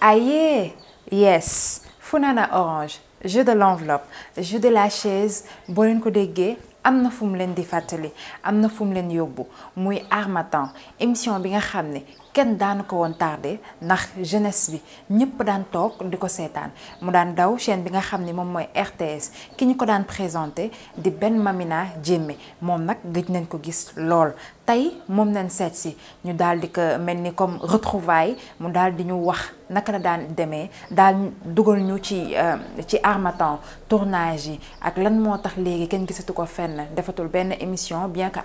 Aïe, yes. Funana Orange, jeu de l'enveloppe, jeu de la chaise, Bonne coup de déggee am na fu mu leen di am émission bi nga kenn daanu ko woon tardé ndax jeunesse bi ñëpp mu daw chaîne RTS ki ñu ko présenté di ben Mamina moom nag gëj nañ ko gis lool. tey moom nañ seet comme retrouvaille mu daal di ñu wax naka la daan ñu euh, tournage ak lan moo tax léegi émission bien que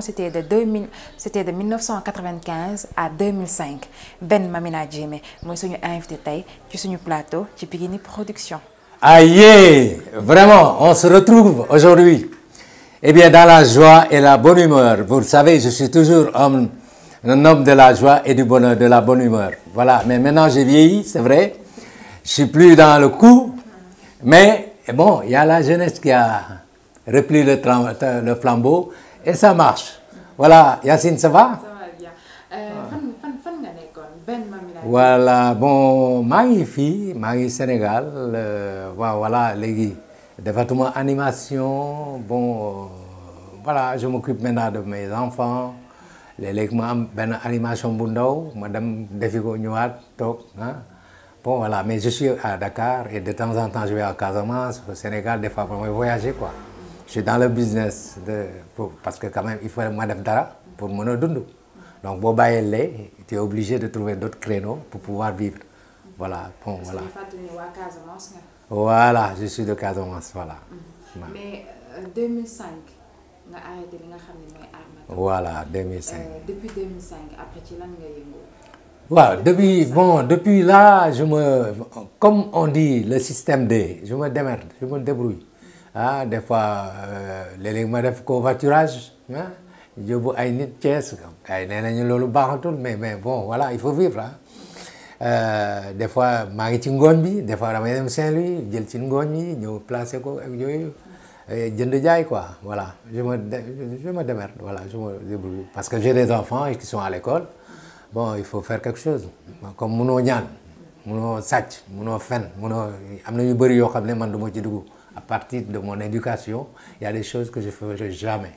c'était de 2000 c'était de 1995 à 2000 2005 Ben Mamina je suis un invité je suis plateau ci une Production. Aïe, vraiment on se retrouve aujourd'hui eh bien dans la joie et la bonne humeur vous le savez je suis toujours un homme de la joie et du bonheur de la bonne humeur voilà mais maintenant j'ai vieilli c'est vrai je suis plus dans le coup mais eh bon il y a la jeunesse qui a repris le, le flambeau et ça marche voilà Yacine ça va voilà bon mari fille marie Sénégal euh, voilà voilà les département animation bon euh, voilà je m'occupe maintenant de mes enfants les légumes, animation bu Madame Defigo hein. bon voilà mais je suis à Dakar et de temps en temps je vais à Casamance au Sénégal des fois pour me voyager quoi je suis dans le business de parce que quand même il faut Madame dara pour me donc boo tu es obligé de trouver d'autres créneaux pour pouvoir vivre voilà bon voilà. que hein. voilà je suis de Casamance voilà. Mm-hmm. mais en 2005 as arrêté de faire de voilà 2005 euh, depuis 2005 après tu l'as. nga depuis bon depuis là je me comme on dit le système D je me démerde je me débrouille mm-hmm. ah des fois les lignes me covoiturage hein yóbbu ay nit Thiès ay nee nañu loolu baaxatul mais mais bon voilà il faut vivre hein. Euh, des fois maa ngi ci bi des fois damay dem Saint-Louis jël ci ngooñ bi ñëw placé ko ak euh, jënd jaay quoi voilà je me je me démerde voilà je me débrouille parce que j'ai des enfants qui sont à l'école bon il faut faire quelque chose comme Mouno ñaan Mouno sàcc Mouno fen Mouno. am na yu bëri yoo xam man du ci à partir de mon éducation il y a des choses que je ferai jamais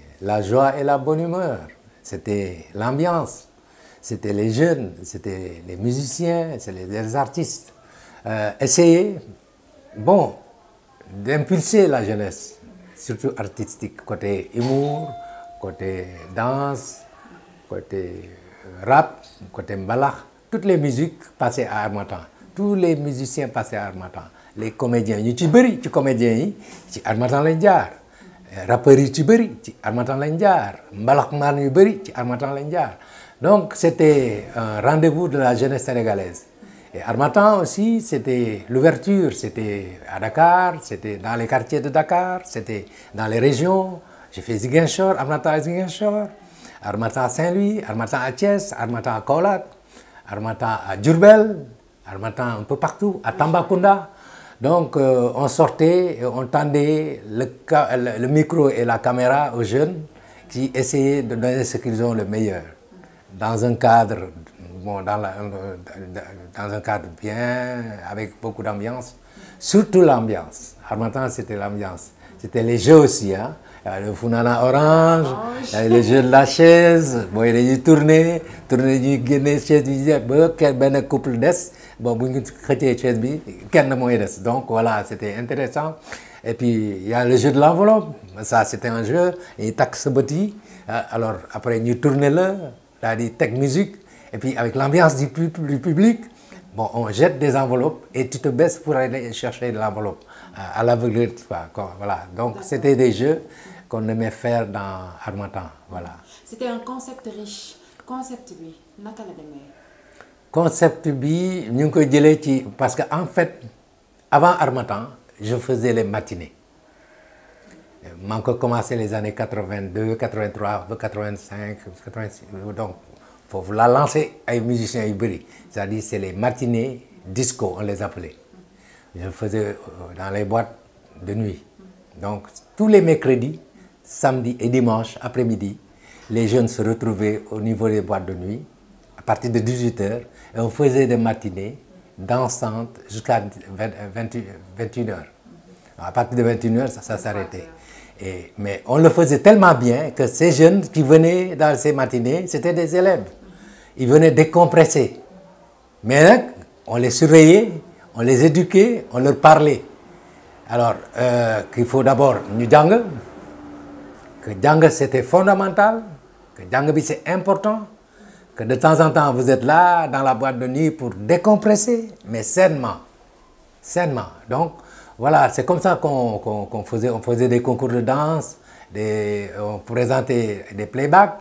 la joie et la bonne humeur. C'était l'ambiance, c'était les jeunes, c'était les musiciens, c'était les artistes. Euh, essayer, bon, d'impulser la jeunesse, surtout artistique, côté humour, côté danse, côté euh, rap, côté mbalach, toutes les musiques passaient à Armatan. Tous les musiciens passaient à Armatan. Les comédiens, tu comédiens, tu Armatan Lendiar. Eh, rapperie yi ci Lendjar, ci Armatan jaar donc c'était un rendez-vous de la jeunesse sénégalaise et Armatan aussi c'était l'ouverture c'était à Dakar c'était dans les quartiers de Dakar c'était dans les régions j'ai fait Ziguinchor Armatan à Ziguinchor armatan Saint-Louis Armatan à Thiès Armatan à Kaolack Armatan à Armatan un peu partout à Tambacounda donc euh, on sortait, et on tendait le, micro et la caméra aux jeunes qui essayaient de donner ce qu'ils ont le meilleur dans un cadre, euh, dans, un cadre bien, avec beaucoup d'ambiance. Surtout l'ambiance. Armatan c'était l'ambiance. C'était les jeux aussi. Hein? le Funana Orange, il y de la chaise. Bon, il y a tourné, tourné du Guinée, chaise du Quel ben couple d'Est bon bu chrétien xëccee chaise bi donc voilà c'était intéressant et puis il y a le jeu de l'enveloppe ça c'était un jeu il tac sa euh, alors après ñu tourner la tech musique et puis avec l'ambiance du, public bon on jette des enveloppes et tu te baisses pour aller chercher de l'enveloppe euh, à l'aveugle tu voilà donc c'était des jeux qu'on aimait faire dans Harmattan voilà c'était un concept riche concept oui. nakala concept bi ñu parce que en fait avant Armatan, je faisais les matinées manque ngi commencé les années 82 83 85 86 donc faut lancer lancer ay musiciens musicien c'est-à-dire c'est les matinées disco on les appelait je faisais euh, dans les boîtes de nuit donc tous les mercredis samedi et dimanche après-midi les jeunes se retrouvaient au niveau des boîtes de nuit à partir de 18h, et on faisait des matinées dansantes jusqu'à 21h. À partir de 21h, ça, s'arrêtait. mais on le faisait tellement bien que ces jeunes qui venaient dans ces matinées, c'était des élèves. Ils venaient décompresser. Mais on les surveillait, on les éduquait, on leur parlait. Alors, euh, qu'il faut d'abord nous que django c'était fondamental, que django c'est important, de temps en temps, vous êtes là dans la boîte de nuit pour décompresser, mais sainement. Sainement. Donc, voilà, c'est comme ça qu'on faisait, des concours de danse, des, on présentait des playbacks,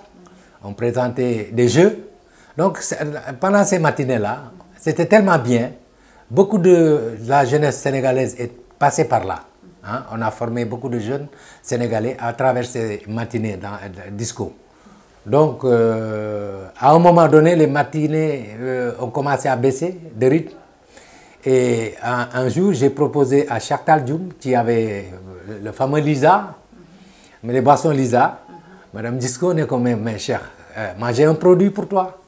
on présentait des jeux. Donc, pendant ces matinées-là, c'était tellement bien. Beaucoup de la jeunesse sénégalaise est passée par là. Hein. On a formé beaucoup de jeunes sénégalais à travers ces matinées dans, le euh, disco. Donc, euh, à un moment donné, les matinées euh, ont commencé à baisser de rythme. Et un, jour, j'ai proposé à Chakal Djoum, qui avait euh, le fameux Lisa, mais les boissons Lisa, Madame Disco, on est quand même, mes chers, moi j'ai un produit pour toi.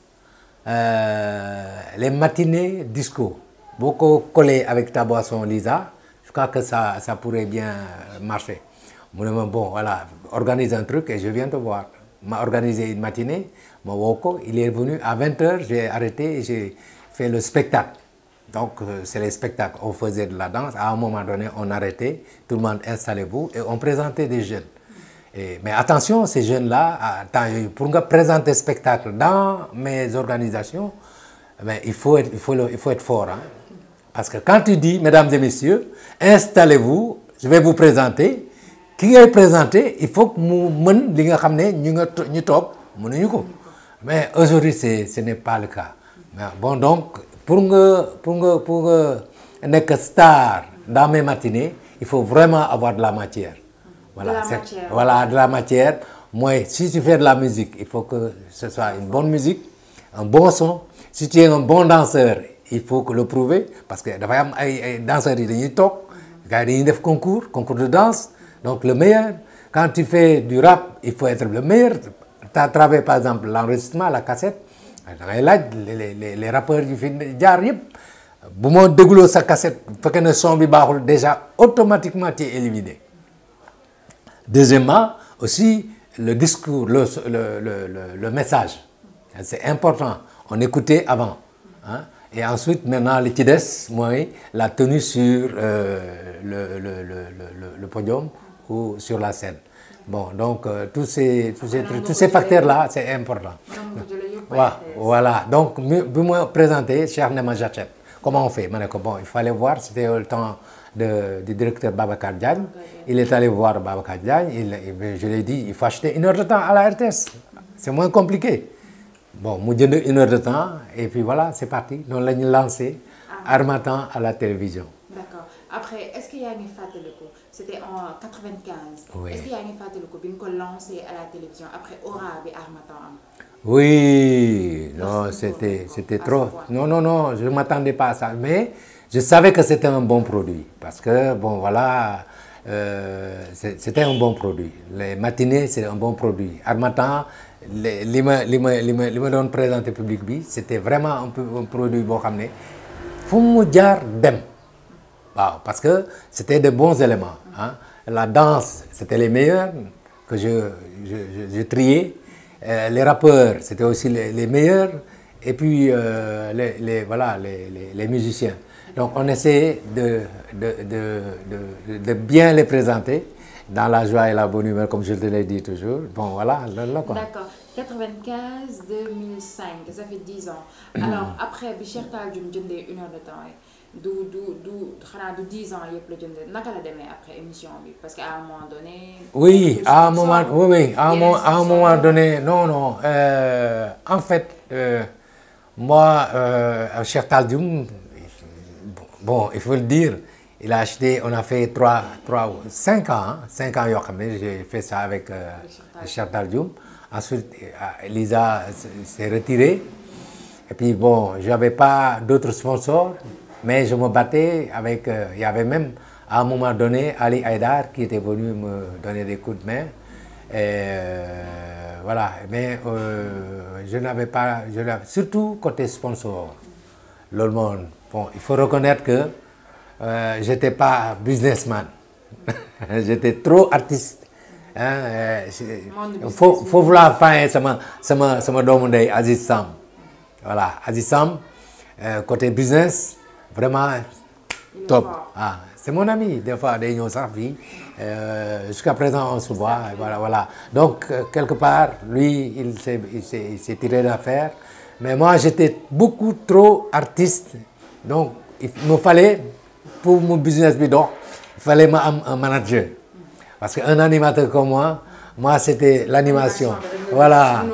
les matinées disco, beaucoup collé avec ta boisson Lisa, je crois que ça, ça pourrait bien marcher. Bon, voilà, organise un truc et je viens te voir m'a organisé une matinée, mon woko. Il est venu à 20h, j'ai arrêté et j'ai fait le spectacle. Donc, euh, c'est le spectacle, On faisait de la danse. À un moment donné, on arrêtait. Tout le monde installez-vous et on présentait des jeunes. Et, mais attention, ces jeunes-là, euh, pour présenter spectacle dans mes organisations, il, faut être, il, faut il faut être fort. Hein. Parce que quand tu dis, mesdames et messieurs, installez-vous, je vais vous présenter, ki ngay présenté, il faut que mu mën li nga xam ne ñu mais aujourd'hui ce n'est pas le cas bon donc pour être pour star dans mes matinées il faut vraiment avoir de la matière. voilà de la matière voilà de la matière si tu fais de la musique il faut que ce soit une bonne musique un bon son si tu es un bon danseur il faut que le prouver parce que dafay am ay danseurs yi dañuy toog gars des concours concours de danse. Donc le meilleur, quand tu fais du rap, il faut être le meilleur. Tu as travaillé par exemple l'enregistrement, la cassette. Ah, Là, les, les, les rappeurs du film, jaar yëpp bu sa cassette faut qu'elle ne son déjà automatiquement éliminé deuxièmement aussi le discours le message c'est important on écoutait avant hein. et ensuite maintenant les la tenue sur euh, le podium ou sur la scène. Bon, donc euh, tous ces, tous ces, tous ces facteurs-là, c'est important. Voilà, donc, je me présenter cher Nema Comment on fait bon, Il fallait voir, c'était le temps de, du directeur Babacar Diagne. Il est allé voir Babacar Diagne, il, je lui ai dit, il faut acheter une heure de temps à la RTS. C'est moins compliqué. Bon, mu donné une heure de temps et puis voilà c'est parti Nous la lancé ah. Armatan à la télévision. D'accord. Après, est-ce qu'il y une une de c'était en 95. Est-ce qu'il y a une fois que vous lancé à la télévision après Aura et Armatan Oui, non, c'était c'était trop. Non, non, non, je ne m'attendais pas à ça. Mais je savais que c'était un bon produit. Parce que, bon, voilà, euh, c'était un bon produit. Les matinées, c'est un bon produit. Armatan, les me donne présenté public, c'était vraiment un, un produit bon ramené. Faut me parce que c'était de bons éléments hein. la danse c'était les meilleurs que je je triais euh, les rappeurs c'était aussi les, meilleurs et puis euh, les voilà les les, musiciens donc on essayait de de de de bien les présenter dans la joie et la bonne humeur comme je te l'ai dit toujours bon voilà D'accord. 95 2005 ça fait 10 ans. alors après bi Cheikh une heure de temps du du du 10 du dix ans il la jëndee naka demee après émission parce qu'à un moment donné. oui à un moment oui oui à un moment à un moment donné non non euh, en fait euh, moi euh, euh Cheikh Tall bon il faut le dire il a acheté on a fait trois trois cinq ans 5 hein, ans York mais j'ai fait ça avec euh, Cheikh Tall Dioum ensuite euh, Lisa s'est retirée et puis bon j'avais pas d'autres sponsors. Mais je me battais avec... Euh, il y avait même, à un moment donné, Ali Haidar qui était venu me donner des coups de main. Euh, voilà. Mais euh, je n'avais pas... Je surtout côté sponsor, le Bon, il faut reconnaître que je n'étais pas businessman. j'étais trop artiste. il hein, faut, vouloir faire ça sama, ça Aziz Sam voilà Aziz Sam côté business vraiment hein? top. Ah, c'est mon ami, des fois, des gens sans vie. Euh, jusqu'à présent, on se voit. Voilà, voilà. Donc, euh, quelque part, lui, il s'est tiré d'affaire. Mais moi, j'étais beaucoup trop artiste. Donc, il me fallait, pour mon business bidon, il fallait un manager. Parce qu'un animateur comme moi, moi, c'était l'animation. Voilà,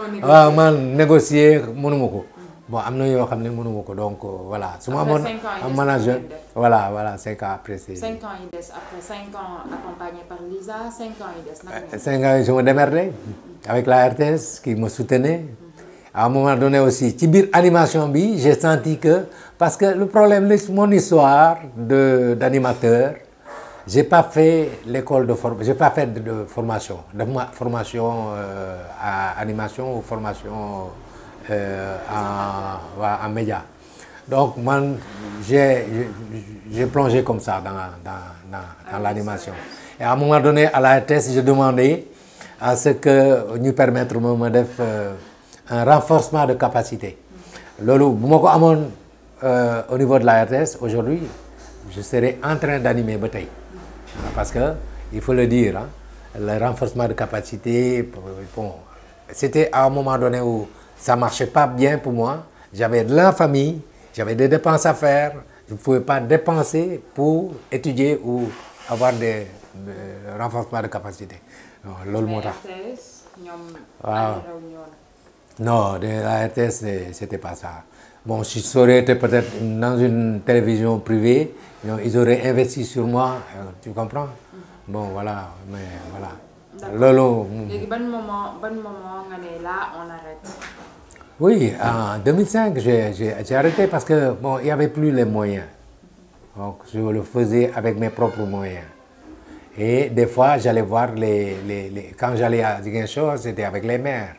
négocier, mon bon amna yo xamné un wako donc voilà. c'est ma mon un manager voilà voilà 5 ans après 5 cinq ans après cinq ans accompagné par Lisa 5 ans après. des euh, cinq ans je me démerdais avec la RTS qui me soutenait. à un moment donné aussi ci animation bi j'ai senti que parce que le problème c'est mon histoire de d'animateur j'ai pas fait l'école de j'ai pas fait de, formation de formation euh, à animation ou formation. Euh, en, médias. Donc, moi, j'ai plongé comme ça dans, dans, l'animation. Et à un moment donné, à la RTS, j'ai demandé à ce que nous permettre de faire euh, un renforcement de capacité. Lolo, euh, au niveau de la RTS, aujourd'hui, je serai en train d'animer Bataille. Parce que, il faut le dire, hein, le renforcement de capacité, c'était à un moment donné où ça ne marchait pas bien pour moi. J'avais de la famille, j'avais des dépenses à faire. Je ne pouvais pas dépenser pour étudier ou avoir des, renforcements de capacité. non de la RTS c'était pas ça bon si ça été peut-être dans une télévision privée ils auraient investi sur moi euh, tu comprends mm-hmm. bon voilà mais voilà Lolo. Mm. moment moment là on arrête oui, en 2005, j'ai arrêté parce que bon, il n'y avait plus les moyens. Donc, je le faisais avec mes propres moyens. Et des fois, j'allais voir les, Quand j'allais à chose, c'était avec les maires.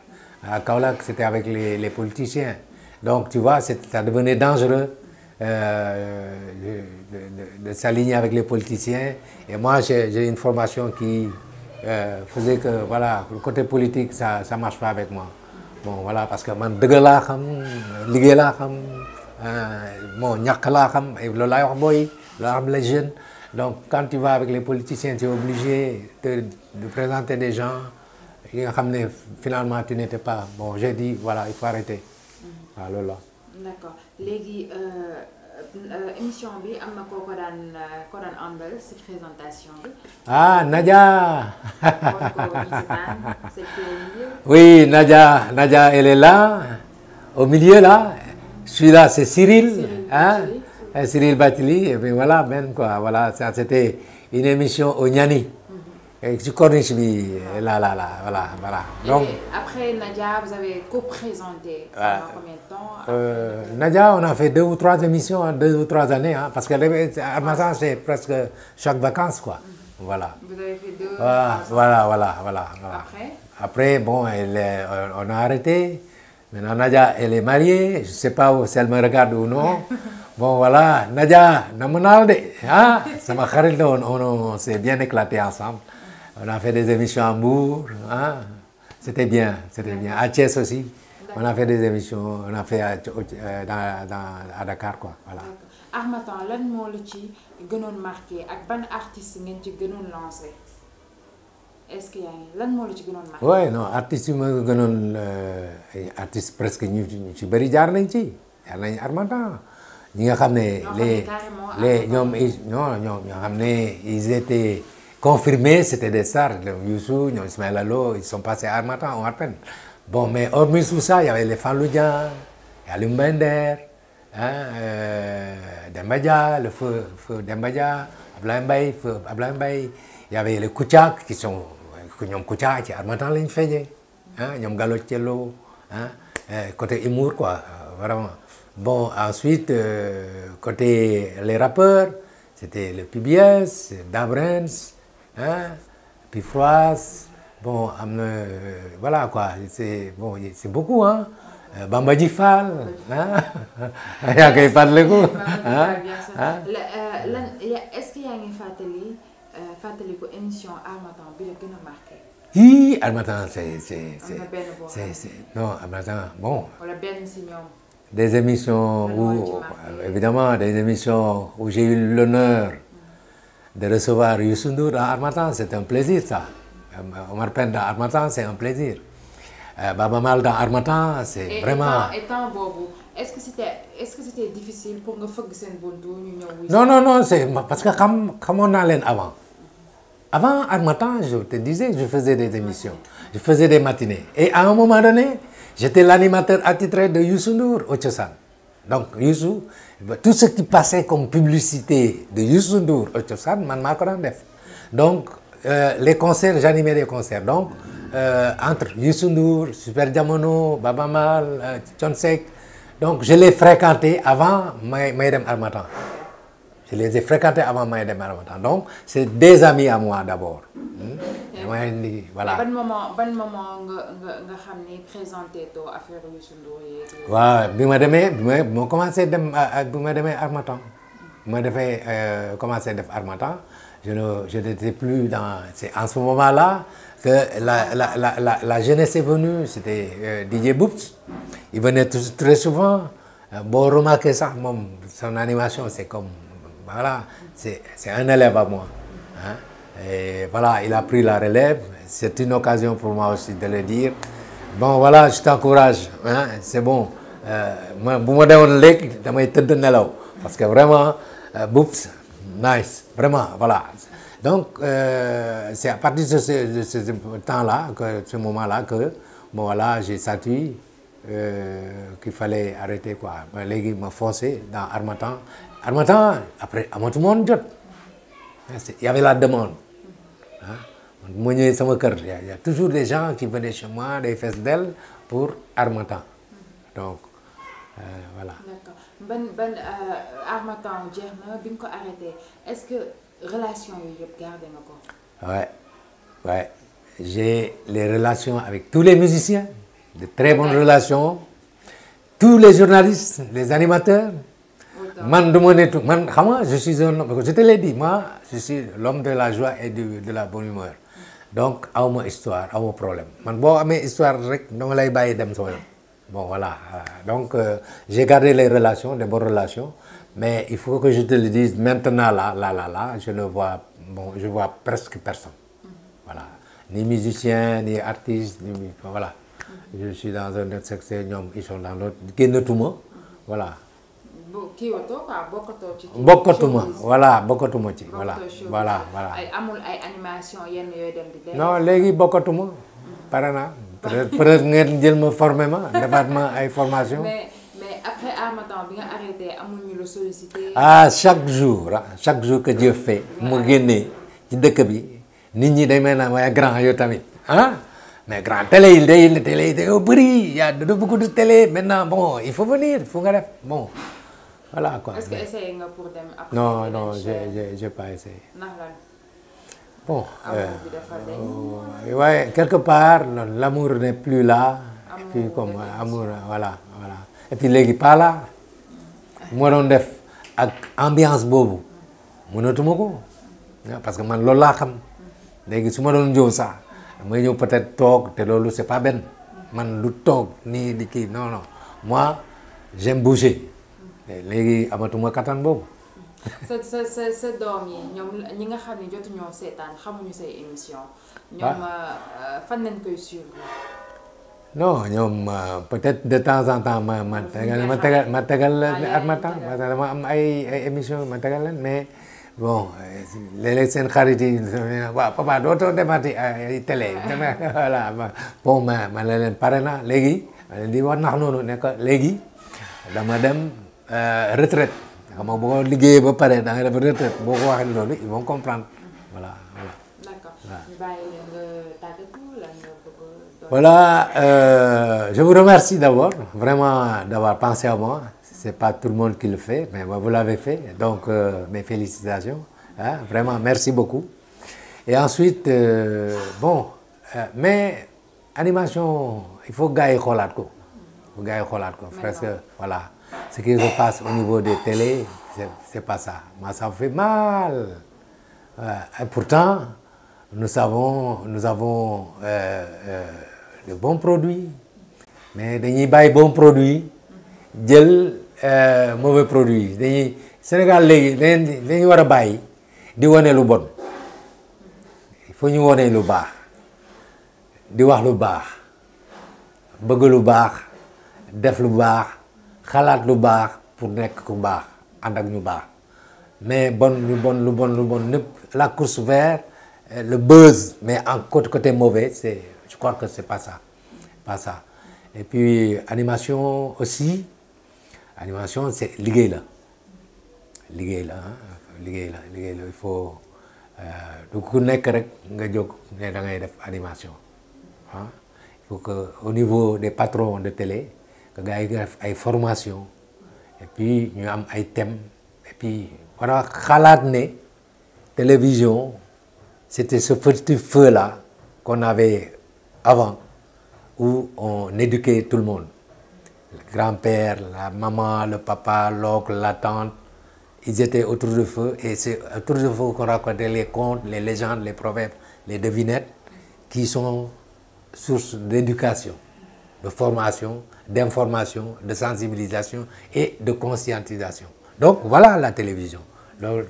À Kaolak, c'était avec les, politiciens. Donc, tu vois, ça devenait dangereux euh, de, s'aligner avec les politiciens. Et moi, j'ai une formation qui euh, faisait que, voilà, le côté politique, ça ne marche pas avec moi bon voilà parce que man dëgg laa xam liggéey la xam ah, bon ñàkk la xam loolu laay wax booy donc quand tu vas avec les politiciens tu es obligé de, de présenter des gens qui nga finalement tu n'étais pas bon j'ai dit voilà il faut arrêter alors mm-hmm. là d'accord légui euh... Euh, émission bi amna koko euh, dan, ko dan ensemble cette présentation ah Nadia. oui Nadia Nadia elle est là au milieu là celui-là c'est Cyril. Cyril hein. Batili. et puis voilà même ben, quoi voilà ça c'était une émission au Niani tu corniche lui, là là là voilà voilà. après Nadia vous avez co-présenté. pendant combien de temps. Euh, Nadia on a fait deux ou trois émissions en hein, deux ou trois années hein? parce que Amazon, c'est presque chaque vacances quoi. Mhm. voilà. vous avez fait deux. Ah, voilà voilà voilà voilà. après après bon euh, on a arrêté maintenant Nadia elle est mariée je ne sais pas si elle me regarde ou non. bon voilà Nadia namu naa la de hein, on s'est bien éclaté ensemble. On a fait des émissions à Hambourg. Hein. C'était bien, c'était bien. À Thiès aussi. On a fait des émissions, on a fait à, euh, Dakar, quoi. Voilà. Armatan, lan mot le ci gënoon marqué ak ban artiste lancé est-ce qu'il y a lan mot la ci gënoon marqué. oui non euh, artistes presque Armatan les ils étaient confirmé c'était des stars. Youssou, Ismaël Allo, ils sont passés à Armatan à Arpen. Bon, mais hormis tout ça, il y avait les Falloudjan, les Bender, hein, euh, Dembadja, le feu, feu Dembadja, le feu Ablanbay Il y avait les Kouchak qui sont. les Kouchak, qui Armatan les fait. Hein, Nyom galopé hein, euh, côté humour, quoi, euh, vraiment. Bon, ensuite, euh, côté les rappeurs, c'était le PBS, Dabrens, Hein? Puis Froisse, bon, euh, voilà quoi, c'est bon, beaucoup, hein. Euh, Bamba Difal, hein. yaa koy le goût. est-ce qu'il y a une fatali pour émission Armatan, bi le gën a marqué. yii Harmattan c'est c'est c'est non Harmattan bon. On bien bien ñoom. des émissions où évidemment des émissions où j'ai eu l'honneur de recevoir Youssou Ndour Armatan, c'est un plaisir ça. Omar Pène dans Armatan, c'est un plaisir. E, Baba Mal dans Armatan, c'est et vraiment... Et e Bobo, est-ce que c'était est-ce que c'était difficile pour nous faire seen buntu ñu non non non c'est parce que comme, on a l'air avant avant Armatan, je te disais je faisais des émissions je faisais des matinées et à un moment donné j'étais l'animateur attitré de Youssou au Tchassan donc Youssou tout ce qui passait comme publicité de Youssou Ndour au cosaan je ne ko donc euh, les concerts j'animais les concerts donc euh, entre Youssou Ndour Super Diamono, Baba Mal, euh, donc je les fréquentais avant Maïdem Armatan. Je les ai fréquentés avant et de Maramata. Donc, c'est des amis à moi d'abord. Hmm? Oui. Voilà. Bon moment, bon moment, nga xamni présenté to affaire Youssou Ndour yi. Waaw, bima démé, bima commencé à ah, ah, bima démé Armatan. Bima hmm. défé euh commencé def Armatan, je ne je n'étais plus dans c'est en ce moment-là que la la la la, la jeunesse est venue, c'était euh, DJ hmm. Boops. Il venait très souvent. Euh, bon remarquez ça, mon, son animation c'est comme voilà, c'est un élève à moi. Hein. Et voilà, il a pris la relève. C'est une occasion pour moi aussi de le dire. Bon, voilà, je t'encourage. Hein. c'est bon. Vous l'eau. » Parce que vraiment, euh, boops, nice. Vraiment, voilà. Donc, euh, c'est à partir de ce, temps-là, ce moment-là, que voilà, j'ai senti euh, qu'il fallait arrêter. quoi. m'a me forcé dans Armatan Armatan, après le monde. il y avait la demande Moi je ma Il y, a toujours des gens qui venaient chez moi des fesses pour Armatan. donc euh, voilà. d'accord ben ben, Harmattan euh, jeex est-ce que relation relations gardé Ouais, ouais. j'ai les relations avec tous les musiciens de très bonnes relations tous les journalistes les animateurs je suis un homme te l'ai dit moi je suis l'homme de la joie et de la bonne humeur donc mon histoire mon problème man histoire rek donc lay bon voilà donc euh, j'ai gardé les relations les bonnes relations mais il faut que je te le dise maintenant là là là là je ne vois bon je vois presque personne voilà ni musicien ni artiste voilà je suis dans un autre secteur l'autre, ils sont dans l'autre voilà kiiwatoo quoi ci. bokkatuma voilà bokkatuma ci. voilà voilà voilà. ay amul ay animation yenn yooyu dem di. non léegi bokkatuma. pare naa peut être ngeen jël ma formé ma defaat ma ay formation mais mais après Amadan bi nga arrêté amul ñu le sollicité. ah chaque jour ah, chaque jour que Dieu fait mu génnee ci dëkk bi nit ñi day na ne waaye grand yow tamit ah. mais grand télé il day télé il day bëri y a de beaucoup de télé maintenant bon il faut venir il faut nga def bon est-ce que essayé pour dem non non je n'ai pas essayé. bon. Euh, euh, ouais, quelque part l'amour n'est plus là. et puis comme amour euh, voilà voilà et puis pas là. def ambiance bobo parce que man suis là. xam Si je ça, may peut-être c'est pas je man lu ni di non non moi j'aime bouger. Eh, léegi amatuma katan boobu. sa sa sa sa doom yi ñoom ñi nga xam ne jotuñoo seetaan xamuñu say émission ah. ñoom euh, fan euh, de temps en temps ma ma ah, tegal ma tegal ma ma temps dama am ay ay émissions ma tegal leen mais bon euh, seen xarit yi waaw ah. ma ma leen pare na léegi ma wax nax noonu ne léegi dama dem. Euh, retraite xam nga boo liggéeyee ba pare da nga def retraite boo ko ils vont comprendre voilà. d'accord voilà euh, je vous remercie d'abord vraiment d'avoir pensé à moi Ce n'est pas tout le monde qui le fait mais vous l'avez fait donc euh, mes félicitations hein. vraiment merci beaucoup et ensuite bon mais animation il faut gagner yi ko. il faut gagner yi ko. parce que voilà. Ce qui se passe au niveau de la télé, ce n'est pas ça. Moi, ça me fait mal. Euh, et pourtant, nous avons euh, euh, de bons produits. Mais si on ne met de bons produits, on prend de mauvais produits. Si on ne met pas de bons produits, on ne prend pas de mauvais produits. Il faut que nous prenions de bons produits. Il faut que nous prenions de bons produits. J'aime les bons produits. J'aime les bons produits xalaat lu baax pour nek baax mais bon lu bon bon la course ouverte, euh, le buzz mais en côté mauvais c'est je crois que c'est pas ça pas ça et puis animation aussi animation c'est l'animation hein, là. il faut euh, rek nga animation hein. il faut que au niveau des patrons de télé il y formation et puis ñu am ay thèmes et puis wala télévision c'était ce petit feu là qu'on avait avant où on éduquait tout le monde le grand-père la maman le papa l'oncle la tante ils étaient autour du feu et c'est autour du feu qu'on racontait les contes les légendes les proverbes les devinettes qui sont source d'éducation de formation d'information, de sensibilisation et de conscientisation. Donc voilà la télévision. Donc,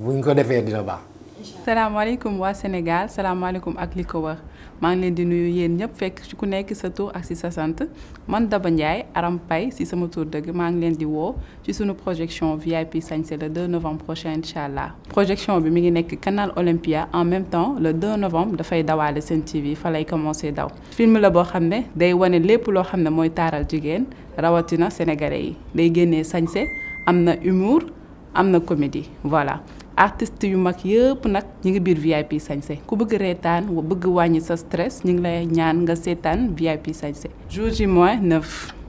vous ne connaissez pas salaamaaleykum wa Sénégal salaamaaleykum ak li ko wër ngi leen di nuyu yéen ñëpp fekk ci ku nekk sa tour ak si sa sant man Daba Ndiaye Aram Pay, si sama tour dëgg maa ngi leen di woo ci sunu projection VIP Sanse le 2 novembre prochain incha projection bi mi ngi nekk canal Olympia en même temps le 2 novembre dafay dawale seen TV fa lay commencé daw film la boo xam ne day wane lépp loo xam ne mooy taaral jigéen rawatina sénégalais yi day génnee sañse am humour am comédie voilà. artiste yu mak yépp nak ñi ngi biir vip sañse ku bëgg reetaan bëgg wàññi sa stress ñi ngi lay ñaan nga seetaan vip sañse jour ji mooy 9